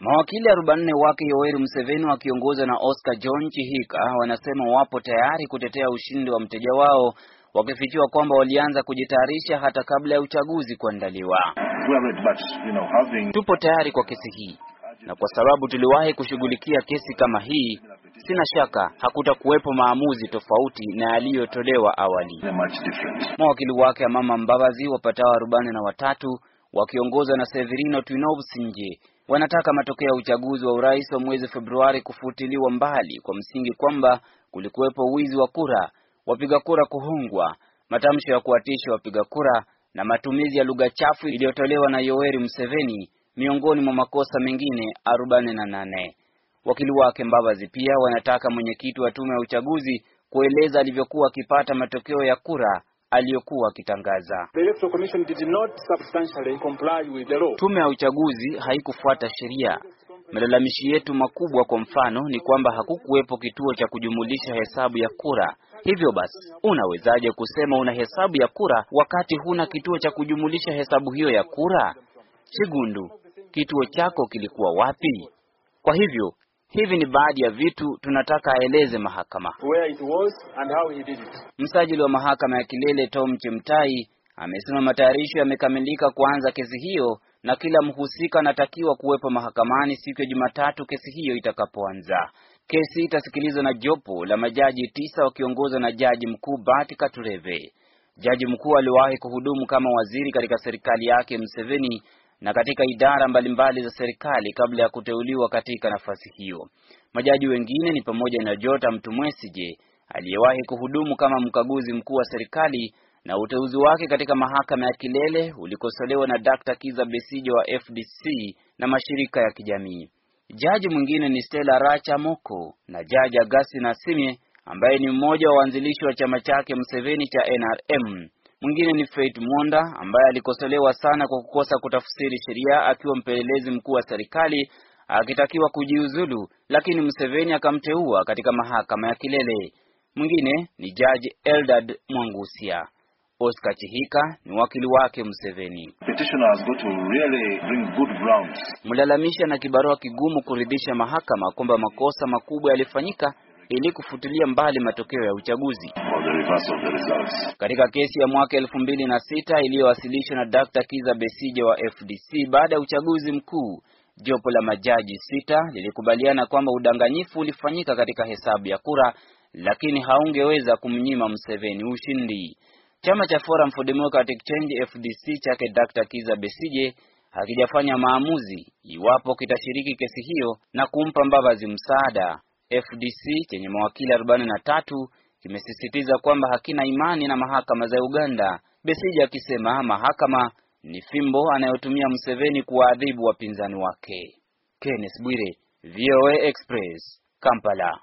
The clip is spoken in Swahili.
Mawakili 44 wake Yoweri Museveni wakiongozwa na Oscar John Chihika wanasema wapo tayari kutetea ushindi wa mteja wao, wakifichua kwamba walianza kujitayarisha hata kabla ya uchaguzi kuandaliwa. tupo tayari kwa kesi hii na kwa sababu tuliwahi kushughulikia kesi kama hii, sina shaka hakutakuwepo maamuzi tofauti na yaliyotolewa awali. Mawakili wake ya Mama Mbabazi wapatao arobaini na watatu wakiongozwa na Severino Twinovsinje wanataka matokeo ya uchaguzi wa urais wa mwezi Februari kufutiliwa mbali kwa msingi kwamba kulikuwepo wizi wa kura, wapiga kura kuhongwa, matamshi ya kuwatisha wapiga kura na matumizi ya lugha chafu iliyotolewa na Yoweri Museveni miongoni mwa makosa mengine 48. Wakili wake Mbabazi pia wanataka mwenyekiti wa tume ya uchaguzi kueleza alivyokuwa akipata matokeo ya kura aliyokuwa akitangaza. Tume ya uchaguzi haikufuata sheria. Malalamishi yetu makubwa kwa mfano ni kwamba hakukuwepo kituo cha kujumulisha hesabu ya kura. Hivyo basi, unawezaje kusema una hesabu ya kura wakati huna kituo cha kujumulisha hesabu hiyo ya kura? Chigundu, kituo chako kilikuwa wapi? Kwa hivyo Hivi ni baadhi ya vitu tunataka aeleze mahakama. Where it was and how he did it. Msajili wa mahakama ya kilele Tom Chemtai amesema matayarisho yamekamilika kuanza kesi hiyo na kila mhusika anatakiwa kuwepo mahakamani siku ya Jumatatu kesi hiyo itakapoanza. Kesi itasikilizwa na jopo la majaji tisa wakiongozwa na jaji mkuu Bart Katureve. Jaji mkuu aliwahi kuhudumu kama waziri katika serikali yake mseveni na katika idara mbalimbali za serikali kabla ya kuteuliwa katika nafasi hiyo. Majaji wengine ni pamoja na Jota Mtumwesije aliyewahi kuhudumu kama mkaguzi mkuu wa serikali na uteuzi wake katika mahakama ya kilele ulikosolewa na Dr. Kiza Besijo wa FDC na mashirika ya kijamii. Jaji mwingine ni Stella Racha Moko na Jaji Augustina Simye ambaye ni mmoja wa waanzilishi wa chama chake mseveni cha NRM. Mwingine ni Faith Monda ambaye alikosolewa sana kwa kukosa kutafsiri sheria akiwa mpelelezi mkuu wa serikali akitakiwa kujiuzulu, lakini Museveni akamteua katika mahakama ya kilele. Mwingine ni Jaji Eldad Mwangusia. Oscar Chihika ni wakili wake Museveni. Really mlalamisha na kibarua kigumu kuridhisha mahakama kwamba makosa makubwa yalifanyika ili kufutilia mbali matokeo ya uchaguzi. Katika kesi ya mwaka elfu mbili na sita iliyowasilishwa na Dr. Kiza Besije wa FDC baada ya uchaguzi mkuu, jopo la majaji sita lilikubaliana kwamba udanganyifu ulifanyika katika hesabu ya kura, lakini haungeweza kumnyima mseveni ushindi. Chama cha Forum for Democratic Change FDC chake Dr. Kiza Besije hakijafanya maamuzi iwapo kitashiriki kesi hiyo na kumpa Mbabazi msaada. FDC chenye mawakili 43 kimesisitiza kwamba hakina imani na mahakama za Uganda, Besija akisema mahakama ni fimbo anayotumia Museveni kuwaadhibu wapinzani wake. Kenneth Bwire, VOA Express, Kampala.